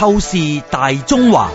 透視大中華。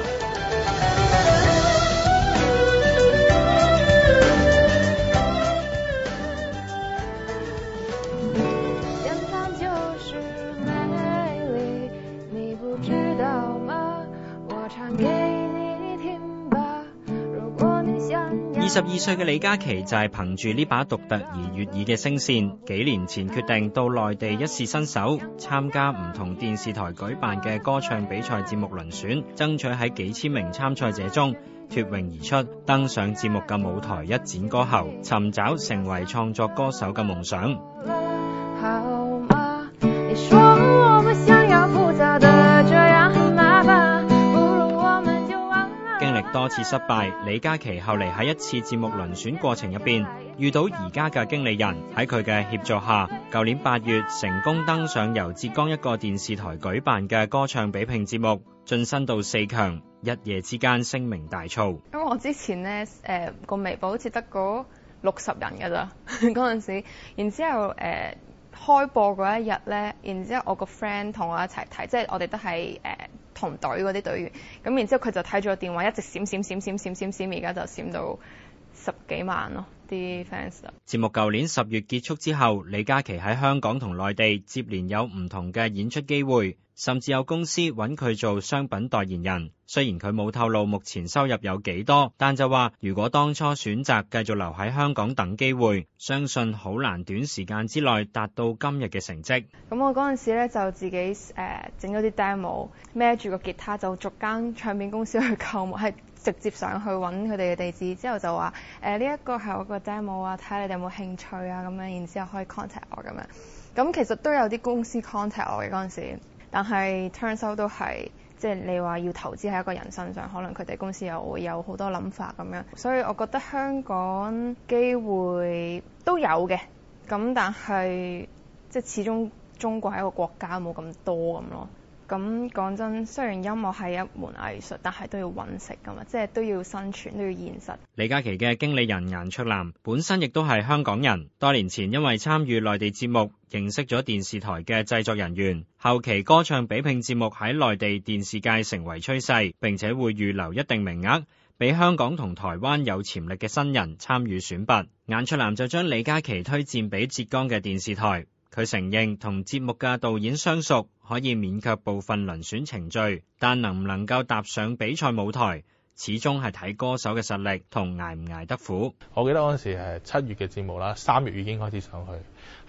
二十二歲嘅李佳琪就係憑住呢把獨特而悅耳嘅聲線，幾年前決定到內地一試身手，參加唔同電視台舉辦嘅歌唱比賽節目遴選，爭取喺幾千名參賽者中脱穎而出，登上節目嘅舞台一展歌喉，尋找成為創作歌手嘅夢想。多次失敗，李佳琪後嚟喺一次節目遴選過程入邊，遇到而家嘅經理人，喺佢嘅協助下，舊年八月成功登上由浙江一個電視台舉辦嘅歌唱比拼節目，晉身到四強，一夜之間聲名大噪。因咁我之前呢誒個、呃、微博好似得嗰六十人㗎咋嗰陣時， 然之後誒、呃、開播嗰一日呢，然之後我個 friend 同我一齊睇，即、就、係、是、我哋都係誒。呃隊嗰啲隊員咁然之後佢就睇住個電話一直閃閃閃閃閃閃閃閃閃閃閃閃閃閃，而家就閃到十幾萬咯。節目舊年十月結束之後，李嘉琪喺香港同內地接連有唔同嘅演出機會，甚至有公司揾佢做商品代言人。雖然佢冇透露目前收入有幾多，但就話如果當初選擇繼續留喺香港等機會，相信好難短時間之內達到今日嘅成績。咁我嗰陣時咧就自己誒整咗啲 demo，孭住個吉他就逐間唱片公司去購物。直接上去揾佢哋嘅地址，之後就話：誒呢一個係我個 demo 啊，睇下你哋有冇興趣啊，咁樣，然之後可以 contact 我咁樣。咁其實都有啲公司 contact 我嘅嗰陣時，但係 turn 收都係，即係你話要投資喺一個人身上，可能佢哋公司又會有好多諗法咁樣。所以我覺得香港機會都有嘅，咁但係即始終中國是一個國家冇咁多咁咯。咁講真，雖然音樂係一門藝術，但係都要揾食㗎嘛，即係都要生存，都要現實。李嘉琪嘅經理人顏卓蘭本身亦都係香港人，多年前因為參與內地節目，認識咗電視台嘅製作人員。後期歌唱比拼節目喺內地電視界成為趨勢，並且會預留一定名額，俾香港同台灣有潛力嘅新人參與選拔。顏卓蘭就將李嘉琪推薦俾浙江嘅電視台。佢承認同節目嘅導演相熟。可以免卻部分遴選程序，但能唔能夠踏上比賽舞台，始終係睇歌手嘅實力同捱唔捱得苦。我記得嗰陣時係七月嘅節目啦，三月已經開始上去，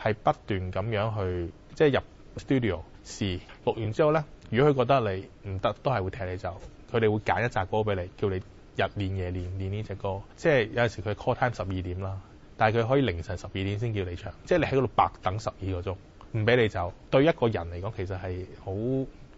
係不斷咁樣去即係入 studio 試錄完之後呢，如果佢覺得你唔得，都係會踢你走。佢哋會揀一扎歌俾你，叫你日練夜練練呢隻歌。即係有陣時佢 call time 十二點啦，但係佢可以凌晨十二點先叫你唱，即係你喺嗰度白等十二個鐘。唔俾你走，對一個人嚟講，其實係好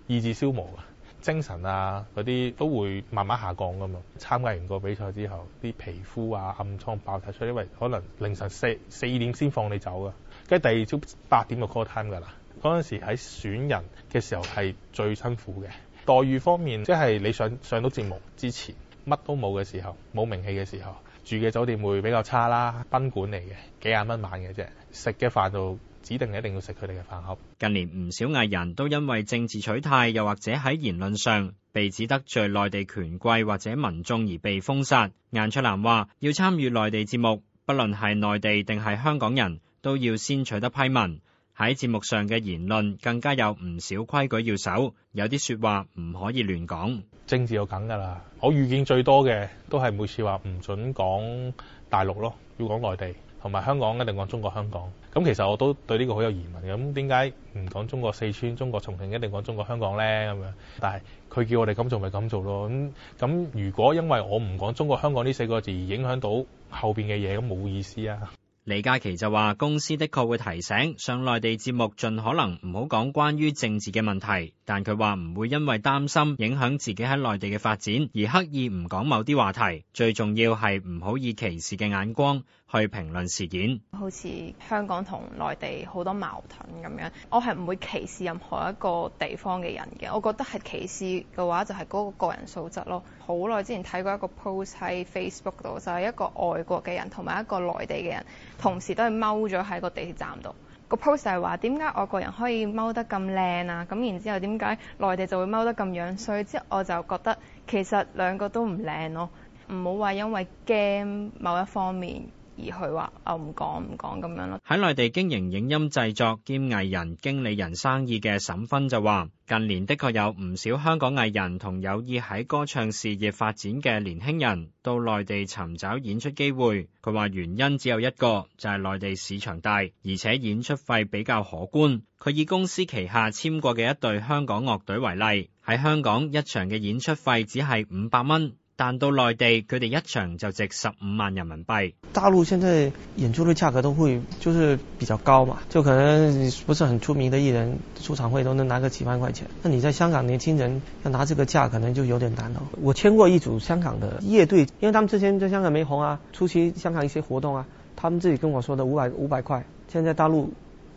意志消磨啊，精神啊嗰啲都會慢慢下降㗎嘛。參加完個比賽之後，啲皮膚啊暗瘡爆晒出嚟，因為可能凌晨四四點先放你走㗎。跟住第二朝八點就 call time 㗎啦。嗰陣時喺選人嘅時候係最辛苦嘅。待遇方面，即係你上上到節目之前乜都冇嘅時候，冇名氣嘅時候，住嘅酒店會比較差啦，賓館嚟嘅，幾廿蚊晚嘅啫，食嘅飯就。指定一定要食佢哋嘅飯盒。近年唔少藝人都因為政治取態，又或者喺言論上被指得罪內地權貴或者民眾而被封殺。顏卓蘭話：要參與內地節目，不論係內地定係香港人，都要先取得批文。喺節目上嘅言論更加有唔少規矩要守，有啲說話唔可以亂講。政治有梗㗎啦，我預見最多嘅都係每次話唔準講大陸咯，要講內地。同埋香港一定講中國香港咁，其實我都對呢個好有疑問。咁點解唔講中國四川、中國重慶，一定講中國香港呢？咁樣，但係佢叫我哋咁做，咪咁做咯。咁咁，如果因為我唔講中國香港呢四個字而影響到後邊嘅嘢，咁冇意思啊。李佳琪就話公司的確會提醒上內地節目，盡可能唔好講關於政治嘅問題。但佢話唔會因為擔心影響自己喺內地嘅發展而刻意唔講某啲話題。最重要係唔好以歧視嘅眼光。去評論事件，好似香港同內地好多矛盾咁樣，我係唔會歧視任何一個地方嘅人嘅。我覺得係歧視嘅話，就係嗰個個人素質咯。好耐之前睇過一個 post 喺 Facebook 度，就係一個外國嘅人同埋一個內地嘅人同時都係踎咗喺個地鐵站度。個 post 就係話點解外國人可以踎得咁靚啊？咁然之後點解內地就會踎得咁樣？所以之後我就覺得其實兩個都唔靚咯，唔好話因為驚某一方面。而去話啊唔講唔講咁樣咯。喺內地經營影音製作兼藝人經理人生意嘅沈芬就話：近年的確有唔少香港藝人同有意喺歌唱事業發展嘅年輕人到內地尋找演出機會。佢話原因只有一個，就係內地市場大，而且演出費比較可觀。佢以公司旗下簽過嘅一隊香港樂隊為例，喺香港一場嘅演出費只係五百蚊。但到內地，佢哋一場就值十五萬人民幣。大陸現在演出的價格都會就是比較高嘛，就可能不是很出名的藝人出場費都能拿個幾萬塊錢。那你在香港年輕人要拿這個價，可能就有點難咯。我簽過一組香港的樂隊，因為他們之前在香港沒紅啊，出席香港一些活動啊，他們自己跟我說的五百五百塊，現在大陸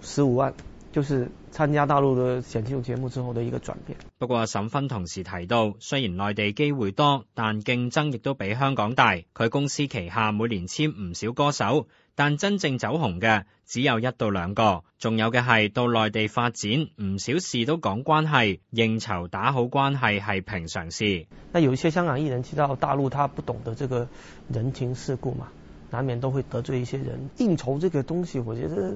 十五萬。就是參加大陸的選秀節目之後的一個轉變。不過，沈芬同時提到，雖然內地機會多，但競爭亦都比香港大。佢公司旗下每年簽唔少歌手，但真正走紅嘅只有一到兩個。仲有嘅係到內地發展，唔少事都講關係，應酬打好關係，係平常事。但有一些香港藝人知道大陸，他不懂得這個人情世故嘛，難免都會得罪一些人。應酬這個東西，我覺得。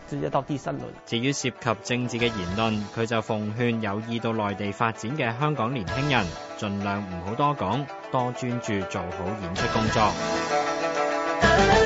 至於涉及政治嘅言論，佢就奉勸有意到內地發展嘅香港年輕人，盡量唔好多講，多專注做好演出工作。